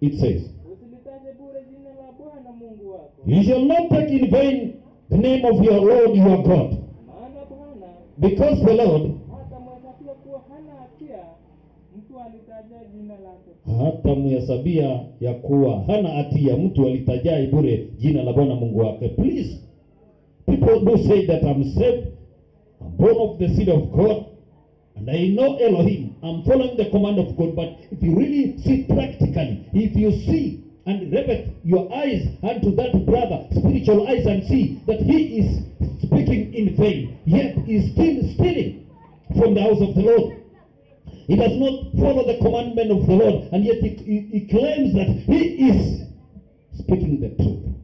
it says, You shall not take in vain the name of your Lord your God. because the Lord, hata kuwa ya kuwa hana hatia mtu alitajaye bure jina la Bwana Mungu wake. Please, people do say that I'm saved, I'm born of the seed of God. And I know Elohim. I'm following the command of God. But if you really see practically, if you see and rabbit your eyes unto that brother, spiritual eyes, and see that he is speaking in vain, yet is still stealing from the house of the Lord. He does not follow the commandment of the Lord, and yet he, he, he claims that he is speaking the truth.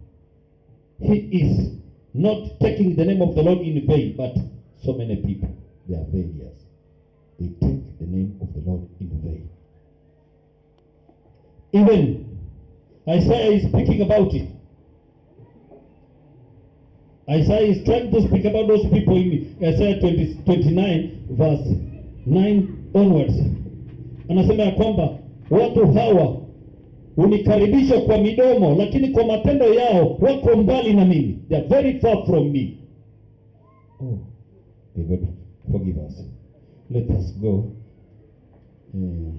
He is not taking the name of the Lord in vain, but so many people, they are failures they take the name of the Lord in vain. Even Isaiah is speaking about it. Isaiah is trying to speak about those people in Isaiah 20, 29 verse 9 onwards. Anasema ya kwamba watu hawa unikaribisha kwa midomo, lakini kwa matendo yao wako mbali na mimi. They are very far from me. Oh, forgive us let us go mm.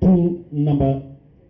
Two, number